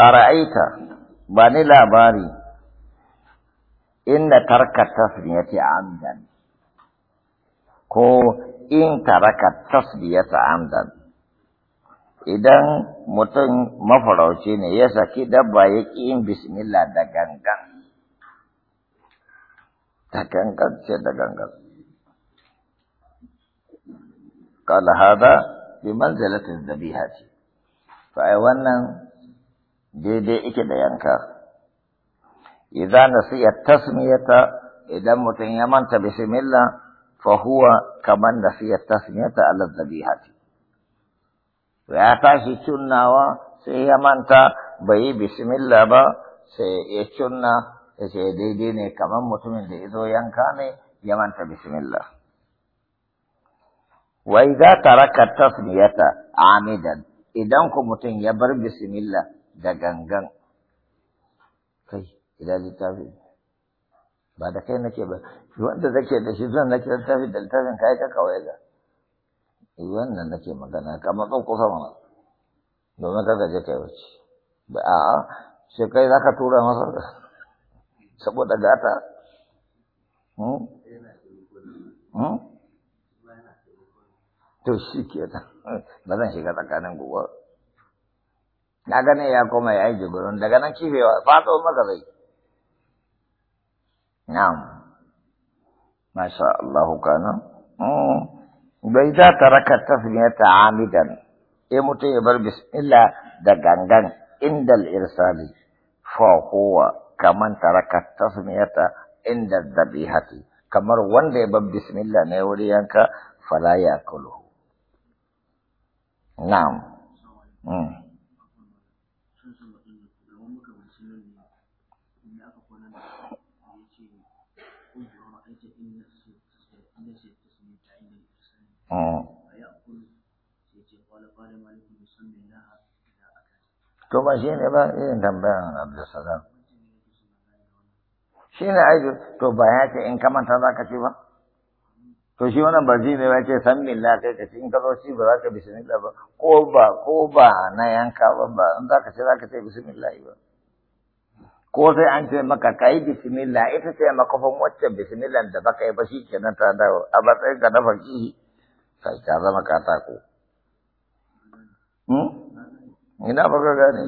ara'aita ba ni labari inda tarka tasbiyati amdan ko in taraka tasbiyata amdan idan mutum mafarauci ne ya saki dabba ya ƙi yin bismillah da gangan da gangan ce da gangan kala hada قال هذا ce, الذبيحة ai wannan daidai ike da yanka idan nasiya tasmiyata idan mutum ya manta bismillah fa huwa kaman nasiya tasmiyata ala dhabihati ya tashi cunnawa sai ya manta bai yi bismillah ba sai ya cunna ya ce daidai ne kaman mutumin da ya zo yanka ne ya manta bismillah za ta raka tasmiyata amidan idan ku mutum ya bar bismillah da gangan kai idan littafi ba da kai nake ba wanda zake da shi zan nake littafi da littafin kai ka kawai ga eh, wannan nake magana kamar kan kusa mana domin kada je kai wuce ba a sai kai zaka tura masa saboda gata hmm? hmm? to shi kenan ba zan shiga tsakanin gobe دعانا يا كوما يا جبرون دعانا كيف يا فاتو ما نعم ما شاء الله كان وإذا ترك التثنية عامدا يموت يبر بسم الله دعانا عند الإرسال فهو كمن ترك التثنية عند الذبيحة كمر وندي بسم الله نوريانك فلا يأكله نعم Hmm. To ba shi ne ba irin tambayan Abdulsalam. Shi ne aiki, to ba ya ce in kamanta za ka ce ba? To shi wannan ba ne ba ce san milla kai ka ce in ka zo ci ba za ka bismillah ba ko ba ko ba na yanka ba ba in za ka ce za ka ce bismillah ba. Ko sai an ce maka ka yi bismillah ita ce makafin wacce bismillah da baka yi ba shi kenan ta dawo a matsayin ka na fakihi. ka zama katako hmm? ina ba ka gane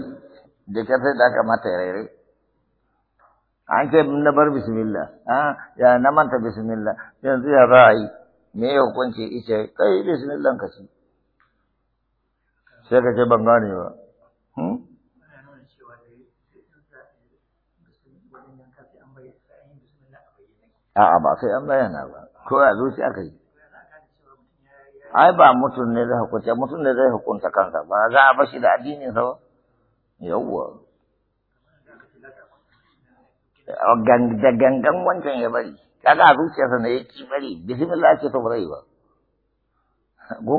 jikar sai da aka mata rere an ce na bar bismillah ah ya na manta bismillah yanzu ya za a yi me ya hukunci ice kai bismillah ka ci sai ka ce ban gane ba hmm? a'a ba sai an bayyana ba ko a zuciya ka yi ai ba mutum ne zai hukunta mutum ne zai hukunta kansa ba za a bashi da addinin sa ba yawwa da gangan wancan ya bari kaga a zuciyarsa ne ya bari bismillah ce to ba ba go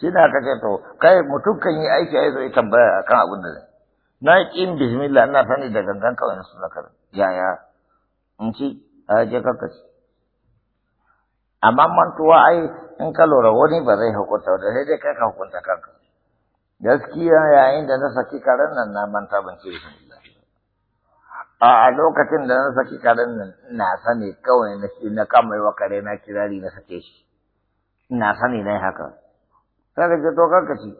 shi da kace to kai mutum kan yi aiki ai zai tambaya akan abin da na kin bismillah ina sani da gangan kawai na sunaka yaya in ci a je kakkaci amma mantuwa ai in ka lura wani ba zai hukunta da sai dai kai ka hukunta kanka gaskiya yayin da na saki karen nan na manta ban ce a lokacin da na saki karen nan ina sani kawai na na kama wa kare na kirari na sake shi ina sani na haka sai ka to kanka ci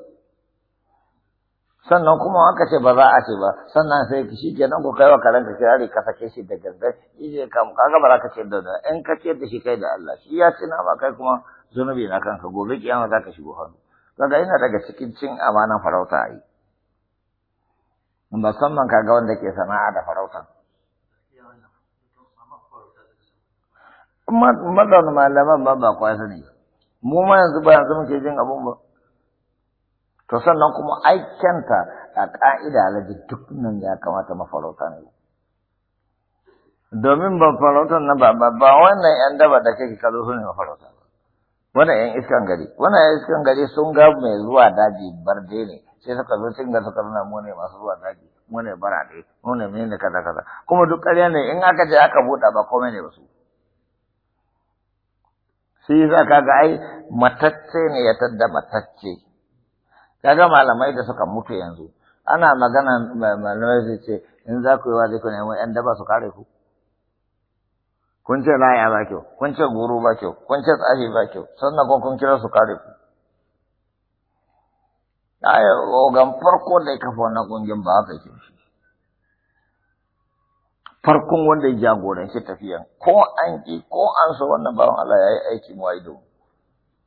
sannan kuma aka ce ba za a ce ba sannan sai ki shi kenan ku kai wa karen ka kirari ka sake shi da gangan ije kam kaga ba za ka ce da da in ka ce da shi kai da Allah shi ya ce na ba kai kuma zunubi na kanka gobe kiyama za ka shigo hannu kaga ina daga cikin cin amanan farauta ai musamman kaga wanda ke sana'a da farauta Madan malaman ba ba kwasa ne mu ma yanzu ba yanzu muke jin abun ba To sannan kuma aikanta a ƙa'ida alaji duk nan ya kamata mafarauta ne. Domin ba farautar na ba ba ba wannan ‘yan daba da kake kalo su ne mafarauta Wanda ‘yan iskan gari, wannan ‘yan iskan gari sun ga mai zuwa daji barde ne sai suka zo cin ga suka nuna mu ne masu zuwa daji, mu ne baraɗe, mu ne mene kaza kaza. Kuma duk ƙarya ne in aka je aka buɗa ba komai ne ba su. Shi yasa kaga ai matacce ne ya tadda matacce. kaga malamai da suka mutu yanzu ana magana malamai zai ce in za ku yi wazi ku nemi yan daba su kare ku kun ce laya ba kyau kun ce guru ba kyau kun ce tsari ba kyau sannan kun kun kira su kare ku aya ogan farko da ya kafa wannan kungiyar ba haka ke shi farkon wanda ya jagoranci tafiyan ko an ki ko an so wannan bawan Allah ya yi aiki mu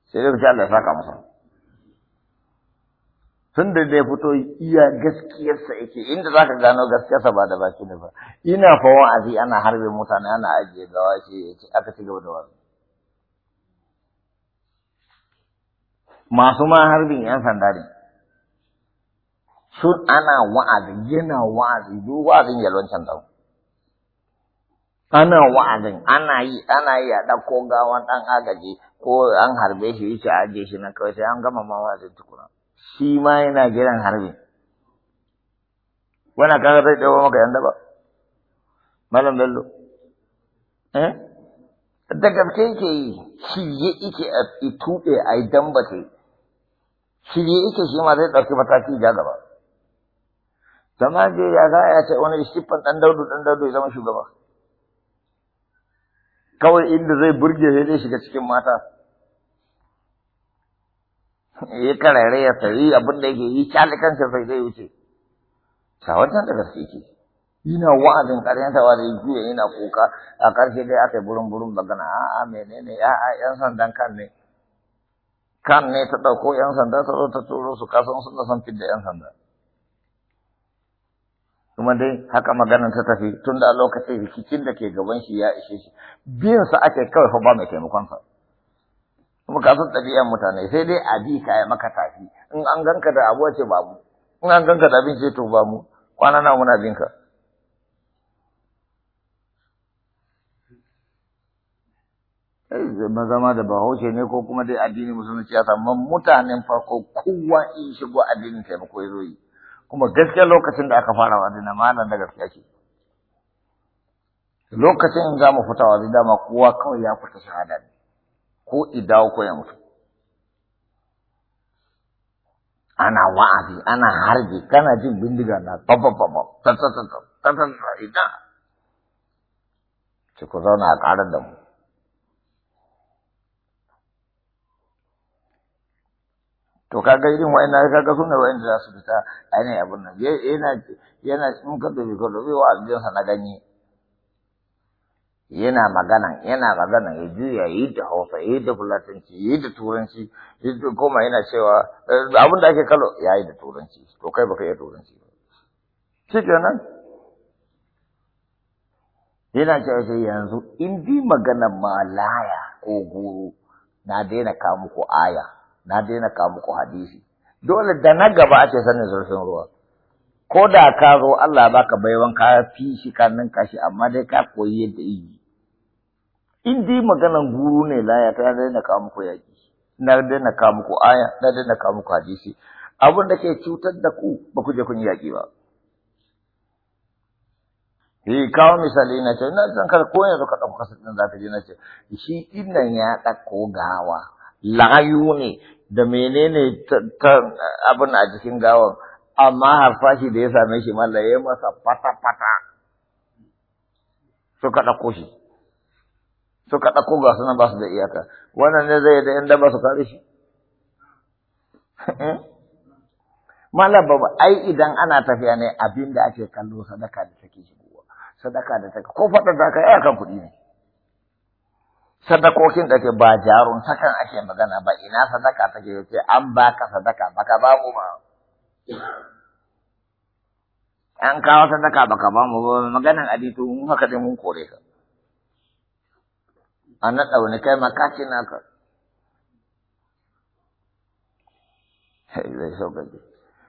sai dai ku ta Allah ya saka masa tun da zai fito iya gaskiyarsa yake inda zaka gano gaskiyarsa ba da baki ne ba ina fa wa'azi ana harbe mutane ana ajiye gawa shi aka ci gaba da wa'azi. masu ma harbin yan sanda ne sun ana wa'azi yana wa'azi duk wa'azin yalwancan da ana wa'azin ana yi ana yi a ɗauko gawan ɗan agaji ko an harbe shi yace a ajiye shi na kawai sai an gama ma wa'azin tukuna shi ma yana jiran harbi wannan kaga zai dawo maka yanda ba? malam bello eh da gaske yake yi shirye yake a tuɓe a yi dambace shirye yake shi ma zai ɗauki mataki ja gaba zama je ya za ya ce wani istifan ɗan daudu ɗan daudu ya zama shugaba kawai inda zai burge sai zai shiga cikin mata ya karare ya sayi abin da yake yi cali kansa sai dai wuce shawartar da gaske ke yana wa'azin karyatawa da juya yana kuka a ƙarshe dai aka yi daga burin a'a menene a'a yan sandan kan ne kan ne ta ɗauko yan sanda ta zo ta turo su kasan suna son fidda yan sanda kuma dai haka maganar ta tafi tun da lokacin rikicin da ke gaban shi ya ishe shi Biyansa sa ake kawai fa ba mai taimakon kuma ka san ɗabi'an mutane sai dai a bi ka ya maka tafi in an ganka da abuwa ce babu in an ganka da abin ce to babu kwana na muna binka maza zama da bahaushe ne ko kuma dai addini musulunci ya samu mutanen farko kowa in shigo addinin taimako ya zo yi kuma gaskiya lokacin da aka fara wazi na ma'anar da gaskiya ke lokacin in za mu fita wazi dama kowa kawai ya fita shahada ne ko idawo ko ya mutu ana wa'azi ana harbi kana jin bindiga na ta ta ce da mu to kaga irin wa'annan kaga sune wa'anda za su fita ainihin abin nan yana yana in ka ka na ganye yana magana yana magana ya juya yi da hausa yi da fulatanci yi da turanci koma yana cewa eh, abin da ake kalo ya yi da turanci to kai baka iya turanci ba shi kenan yana cewa sai yanzu in bi magana malaya ko guru na daina ka muku aya na daina ka muku hadisi dole da na gaba ake sanin zurfin ruwa ko da ka zo Allah baka baiwan ka fi shi ka ninka amma dai ka koyi yadda yi in dai maganan guru ne laya ta daina kawo muku yaƙi na daina kawo muku aya na daina kawo muku hadisi abin da ke cutar da ku ba ku je kun yaƙi ba eh kawo misali na ce na san kar ko yanzu ka ɗauka kasar ɗin za ka je na ce shi ɗin nan ya ɗauko gawa layu ne da menene ta abin a jikin gawan amma harfashi da ya same shi malla ya masa fata-fata suka ɗauko shi suka ɗauko ga suna ba su da iyaka wannan ne zai da inda ba su kare shi eh? malam baba ai idan ana tafiya ne abin da ake kallo sadaka da take shigowa sadaka da take ko faɗa da ka yakan kuɗi ne sadakokin da ke ba jarun sakan ake magana ba ina sadaka take yace an baka sadaka baka ba mu ba an kawo sadaka baka ba mu ba maganan adito mun haka dai mun kore ka a naɗa wani kai makaci naka zai sauƙaƙe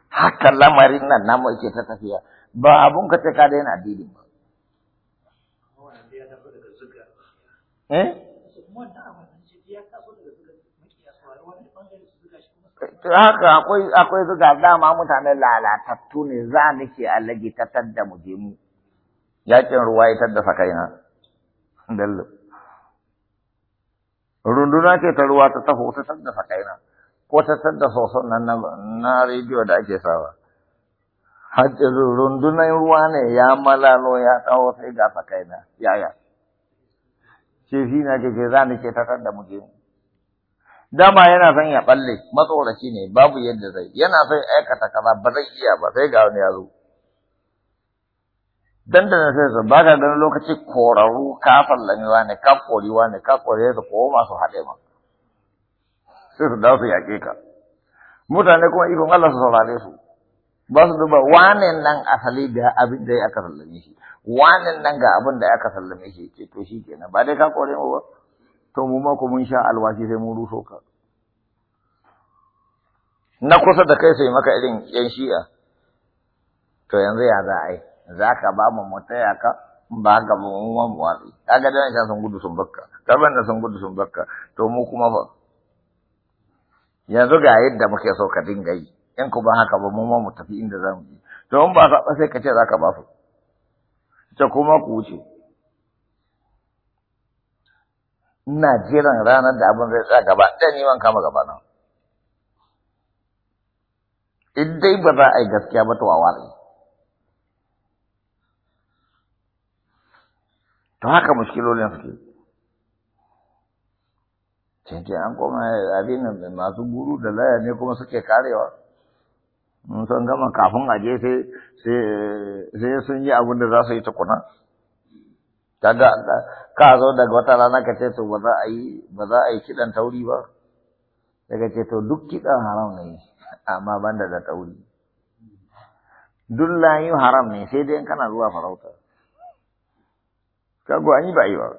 haka lamarin nan namu yake ta tafiya ba abun ka ce ka daina addini ba eh haka akwai akwai zuga dama mutane lalatattu ne za ni ke allage tattar da mu je mu yakin ruwa ya tadda sakaina dallo runduna ce ta ruwa ta taho ta tadda sakaina ko ta tadda soson nan na rediyo da ake sawa hajji rundunan ruwa ne ya malalo ya taho sai ga sakaina yaya ce shi na ke za ni ke ta tadda muke. dama yana son ya balle matsoraci ne babu yadda zai yana son aikata kaza ba zai iya ba sai ga wani ya zo dandana sai su ba ka ganin lokaci korarru ka fallami ne ka kori ne ka kori su koma su haɗe ma sai su dawo su yaƙe ka mutane kuma ikon Allah su saurare su ba su duba wane nan asali da abin da ya aka sallame shi wane nan ga abin da ya aka sallame shi ke to shi kenan ba dai ka kore mu ba to mu ma mun sha alwashi sai mun ruso ka na kusa da kai sai maka irin yan shi'a to yanzu ya za a yi za ka ba mu mu ka ba ga mu mu mu Ta kaga da shan sun gudu sun bakka karban da sun gudu sun bakka to mu kuma ba. yanzu ga yadda muke so ka dinga yi in ku ba haka ba mu ma mu tafi inda za mu yi to in ba saba sai ka ce za ka ba su ta kuma ku wuce ina jiran ranar da abin zai tsaya gaba ɗaya man kama gaba nan in dai ba za a yi gaskiya ba to a ware to haka muskilolin suke cince an koma abin masu guru da laya ne kuma suke karewa mun san gama kafin a je sai sun yi abin da za su yi tukuna kaga ka zo daga wata rana ka ce to ba za a yi ba tauri ba daga ce to duk kidan haram ne amma banda da tauri duk layin haram ne sai dai kana zuwa farauta kago an yi ba yi ba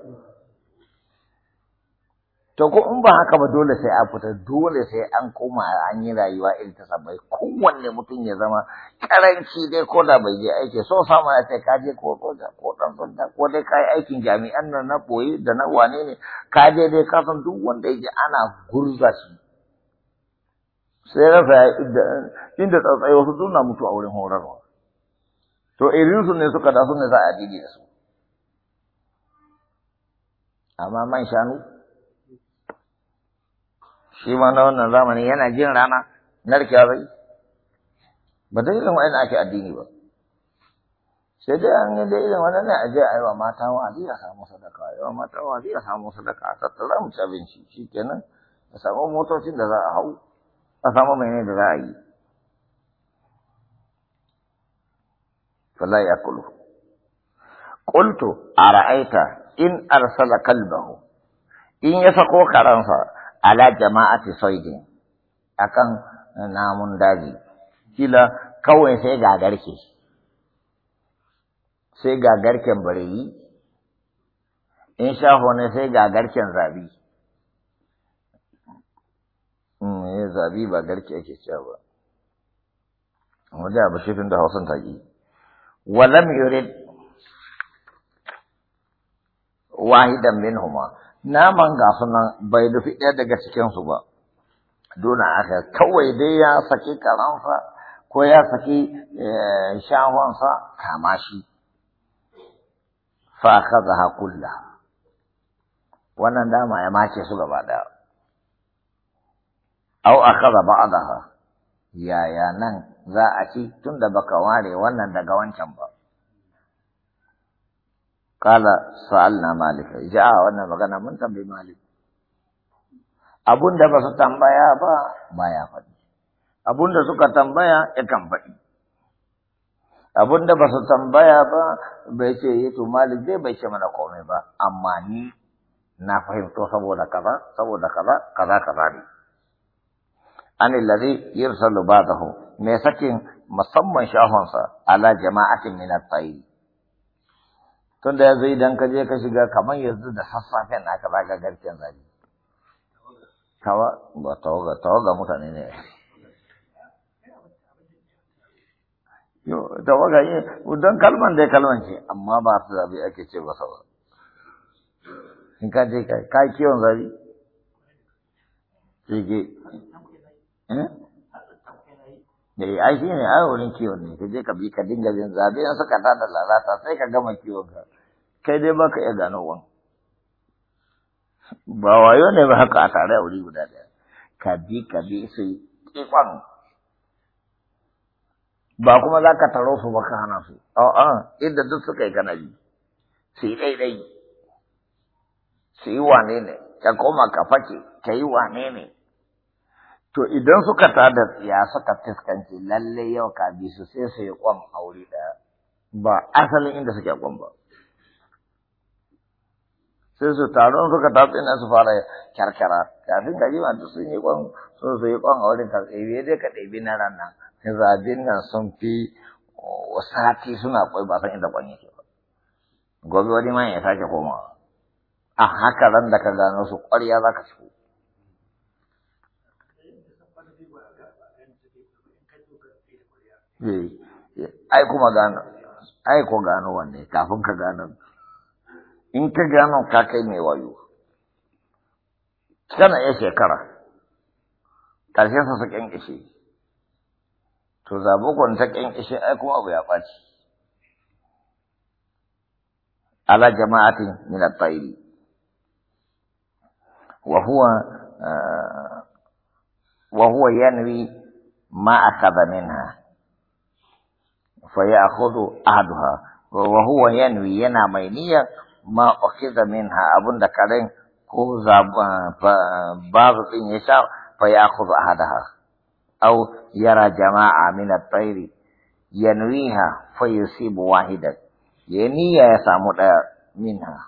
to ko in ba haka ba dole sai a fita dole sai an koma an yi rayuwa irin ta sabai kowanne mutum ya zama karanci dai ko da bai je aiki so samu ya ce ka je ko soja ko dan ko dai kai aikin jami'an nan na boye da na wane ne ka je dai ka san duk wanda yake ana gurza shi sai rasa inda tsatsai wasu suna mutu a wurin horarwa to irin su ne suka da su ne za a dide da su amma man shanu shi ma na wannan zamani yana jin rana narkewa zai ba da irin wa'in ake addini ba sai dai an yi dai irin wannan ne a je a yi wa mata wa'azi a samu sadaka a yi wa mata wa'azi a samu sadaka a tattara mu ci abinci shi kenan a samu motocin da za a hau a samu mene da za a yi fala ya kulu qultu ara'aita in arsala kalbahu in ya sako karansa ala jama'ati soidin akan namun daji kila kawai sai ga garke sai ga garken bareyi in shaho ne sai ga garken zabi ya hmm, eh, zabi ba garke ake cewa ba wanda ba shi da hausan taƙi lam yurid wahidan huma. naman ga sunan bai rufi ɗaya daga cikinsu ba dole aka kawai dai ya saki karansa ko ya saki eh, shahonsa kama shi fa ha kulla wannan dama ya mace su gaba ɗaya au za ba'daha yaya nan za a ci tunda baka ware wannan daga wancan ba Kala na Malik. Ja wannan magana mun tambayi Malik. Abunda ba su tambaya ba baya faɗi. Abunda suka tambaya ya faɗi. Abunda ba su tambaya ba bai ce yi eh, to Malik zai bai ce mana komai ba amma ni na fahimto saboda kaza saboda kaza kaza kaza ne. An illazi yirsalu ba'dahu me sakin musamman shahonsa ala jama'atin min at tun da zai idan ka je ka shiga kamar yanzu da sassafe na ka zaga garken zabi kawa ba tawaga tawaga mutane ne yo tawaga yi don kalman dai kalman ce amma ba su zabi ake ce ba sawa in ka je ka kiwon zabi ke Eh? eh ai shi ne ai wurin kiwon ne ka je ka bi ka dinga jin zabe in suka tada lalata sai ka gama kiwon ka kai dai baka iya gano wan ba wayo ne ba haka a tare a wuri guda ɗaya ka bi ka bi su kwan ba kuma za ka taro su ba ka hana su a inda duk suka yi kana bi su yi ɗaiɗai su yi wane ne ka koma ka fake ka yi wane ne To idan suka tada ya suka fuskanci lalle yau ka bi su sai su yi kwam a wuri ɗaya ba asalin inda suke kwam ba. Sai su taron suka tatsi na su fara kyarkyara kafin ka jima da sun yi kwam sun su yi kwam a wurin ka ɗebi dai ka ɗebi na ranar. Zabin nan sun fi oh, sati suna kwai ba san inda kwan yake ba. Gobe wani ma ya sake komawa. A haka ran da ka gano su kwarya za ka shigo. ai kuma gano ai ko gano wanne kafin ka gano in ka gano ka kai mai wayo kana iya shekara ƙarshen sa sakin ishe to zabo ko ta ishe ai kuma abu ya ɓaci ala jama'atin min at-tayri wa huwa eh, wa huwa yanwi ma akhadha minha fa ya'khudhu ahaduha wa huwa yanwi yana mai niyyar ma ukhidha minha abunda karen ko babu din ya sha fa ya'khudhu ahadaha aw yara jama'a min at-tayr yanwiha fa wahidan ya niyya ya samu daya minha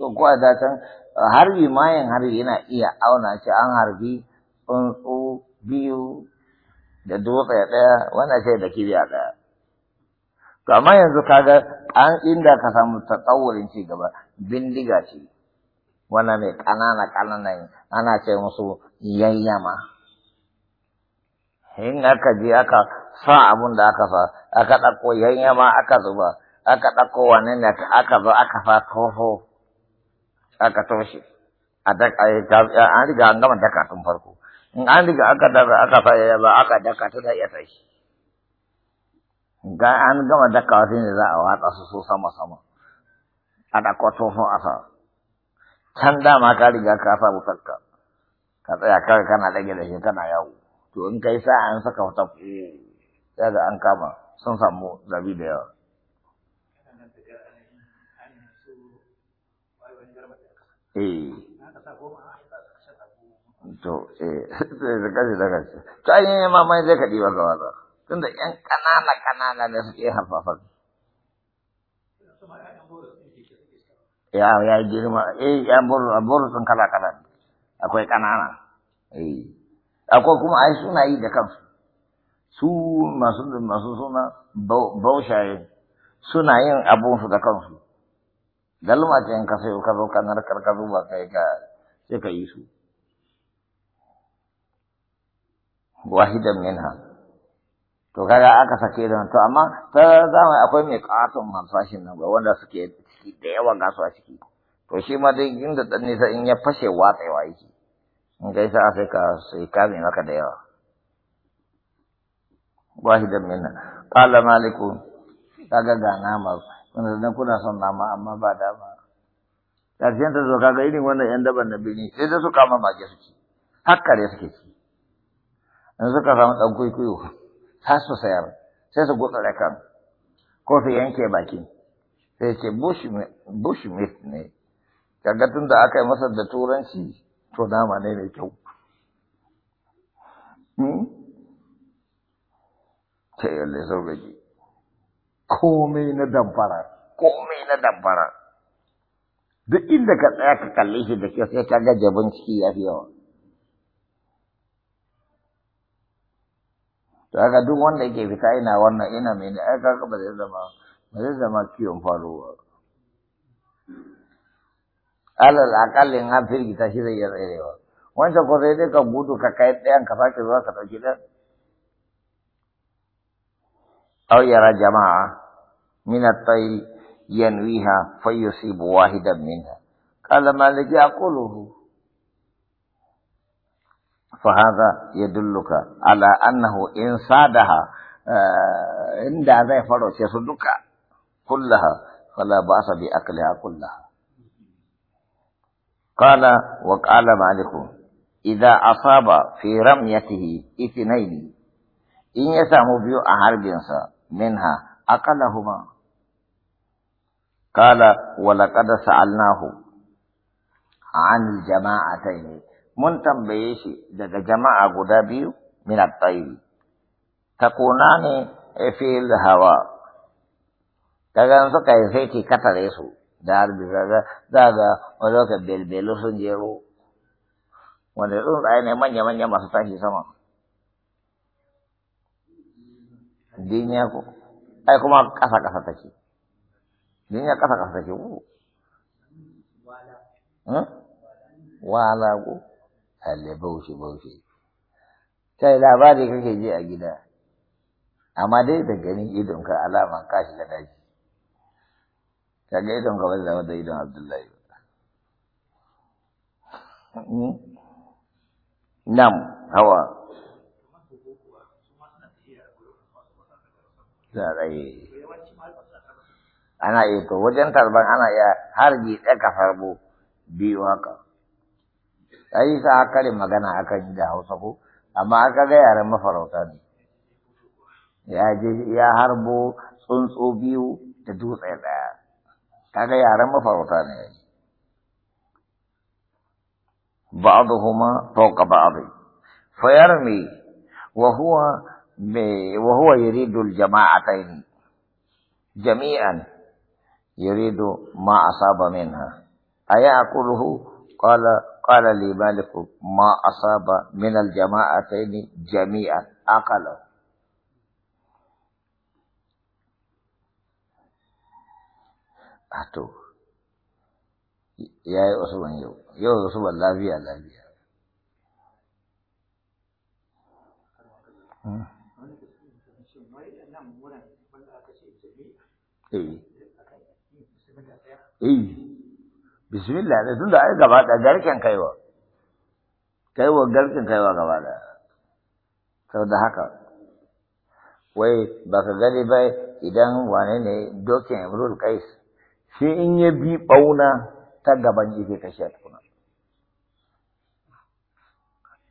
So, ko da can harbi mayan harbi yana iya auna shi an harbi tsuntsu biyu da dutse ɗaya wannan sai da kibiya ɗaya to amma yanzu kaga an inda ka samu tsawurin ci gaba bindiga ce wannan mai ƙanana ƙanana ana ce musu yayyama in aka je aka sa abun da aka sa aka ɗauko yayyama aka zuba aka ɗauko wani ne aka zo aka sa toho aka toshe a an riga an gama daka tun farko in an riga aka daka aka sa yayyama aka daka ta da iya tashi ga an gama dakawa wasu ne za a watsa su so sama sama a ɗakwa tsohon asa can dama ka riga ka sa wutarka ka tsaya kawai kana ɗage da shi kana yawo to in kai sa an saka wata eh, ya ga an kama sun samu zabi da yawa eh to eh sai da kashi da kashi to ai mamai zai ka ba ga wata tunda ‘yan ƙanana ƙanana da su iya harfafa. Ya ya girma, eh ya buru buru sun kala kala akwai ƙanana, eh akwai kuma ai suna yi da kansu. Su masu masu suna baushaye suna yin su da kansu. Dalma ce in ka sayo ka zo ka narkar ka zuba kai ka sai ka yi su. Wahidan minha. to kaga aka sake da to amma ta zama akwai mai katon mansashin nan wanda suke ciki da yawa ga su a ciki to shi ma dai inda dan nisa in ya fashe watsewa yake in kai isa sai ka sai ka mai maka da yawa wahidan minna qala maliku kaga ga nama kun dan kuna son nama amma ba dama karshen ta zo kaga irin wannan yan daban na birni sai da su kama mage suke hakkare suke ci in suka samu dan kuikuyo sa su sayar sai su gutsa da kan ko su yanke baki sai ce bush bushmit ne kaga tun da aka yi masa da turanci to nama ne mai kyau ta hmm? yi allai sauraki komai na damfara komai na damfara duk inda ka tsaya ka kalli shi da kyau sai ka gajabin ciki ya fi yawa to haka duk wanda yake fita ina wannan ina mai ne aka kaga ba zai zama ba zai zama kiyon faro ba alal akalli an firgita shi zai iya tserewa wancan ko sai dai ka gudu ka kai ɗayan ka sake zuwa ka ɗauki ɗan أو يرى جماعة من الطير ينويها فيصيب واحدا Kala maliki مالك يقوله فهذا يدلك على أنه إن صادها عند آه، ذي فرش يصدك كلها فلا بأس بأكلها كلها قال وقال مالك إذا أصاب في رميته اثنين إن يسام بيو أحربينسا منها أقلهما قال ولقد سألناه عن الجماعتين mun tambaye shi daga jama'a guda biyu min at-tayri takunani e, fil hawa kaga an suka yi sai ki katare su da harbi daga daga ga ka belbelu sun jero wanda tsaye ne manya manya masu tashi sama dinya ko ai kuma kasa kasa take dinya kasa kasa take hmm? wala ko alle baushe baushe kai labari kake ji a gida amma dai da ganin idon ka alaman ka shiga daji kaga idon ka bai zama da idon Abdullahi hmm? nam hawa zarai ana iya to wajen tarban ana iya har gitsa ka farbo biyu haka ai sa karin magana akan yi da hausa ko amma aka ga yaren mafarauta ne ya je ya harbo tsuntsu biyu da dutse ɗaya kaga yaren mafarauta ne بعضهما فوق بعض فيرمي وهو وهو يريد الجماعتين جميعا يريد ما أصاب منها أيأكله قال قال لي مالك ما أصاب من الجماعتين جميعا أقله أتو يا أسوان يو يو أسوان لا بيا لا بيا إيه إيه bismillah ne tunda ai gaba da garken kaiwa kaiwa garken kaiwa gaba da da haka wai baka gani ba idan wane ne dokin imrul kais shi in ya bi bauna ta gaban jike kashe tukuna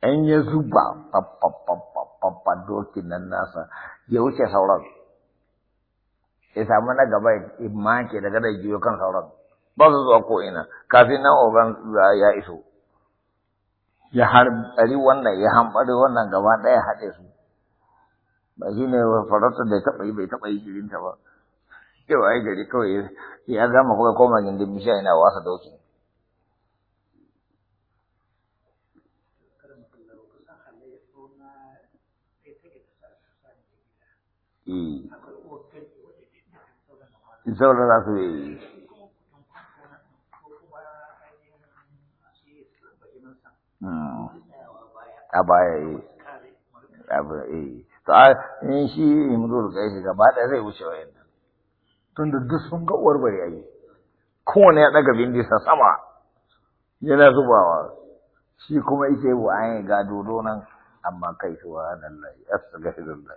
in ya zuba fafafafafafa dokin nan nasa ya wuce sauran ya samu na gaba imma ke daga da jiyo kan sauran ba su zuwa ko'ina kafin nan ogan ya iso ya harbari wannan ya hambari wannan gaba ɗaya haɗe su ba shi ne farautar da taɓa yi bai taɓa yi girinta ba yau ai gari kawai ya gama kuma koma gindin bishiya yana wasa doki zaura eh. za su yi Hmm. a baya yi abu yi to in shi imrul gaisi gaba ɗaya zai wuce wayannan tunda duk sun ga uwar bari ayi kowane ya daga bindisa sama yana zubawa shi kuma yake bu an yi ga dodo nan amma kai nan subhanallah astaghfirullah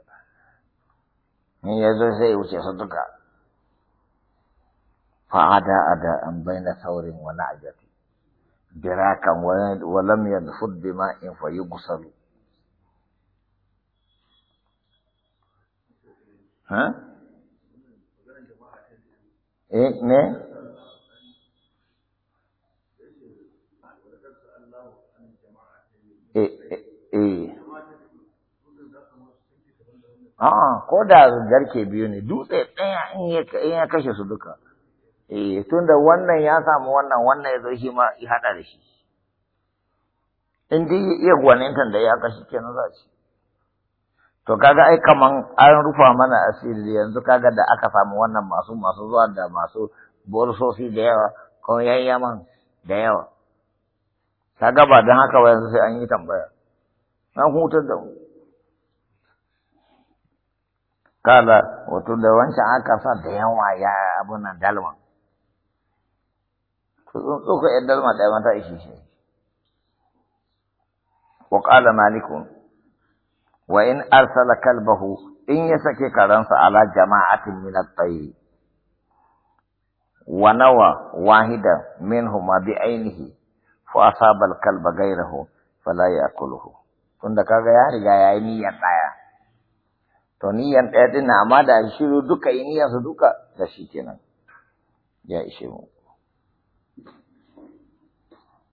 ni yazo sai wuce su duka Fa'ada ada ada an baina saurin wa na'jat dirakan walam yadfud bima'in fa yughsalu ha eh ne eh eh a ko da garke biyu ne dutse ɗaya in ya kashe su duka Eh, tunda wannan ya samu wannan wannan ya zo shi ma ya haɗa da shi. In iya gwanintan da ya kashi kenan za shi. To kaga ai kaman an rufa mana asiri yanzu kaga da aka samu wannan masu masu zuwa da masu borsosi da yawa ko yayyaman da yawa. Kaga ba don haka ba yanzu sai an yi tambaya. An hutar da mu. Kala wato da wancan aka sa da yawa ya na dalman. su tsuntsuka yadda zama ɗaya mata ishe shi. Wa ƙala maliku, wa in arsala kalbahu in ya sake karansa ala jama'atin min at tsaye. wa nawa wahida minhuma bi ainihi fa asaba al-kalba ghayrahu fala yakuluhu tunda kaga ya riga yayi niyyar ɗaya. to niyyar daya din amma da shiru duka yi niyyar su duka da shi kenan ya ishe mu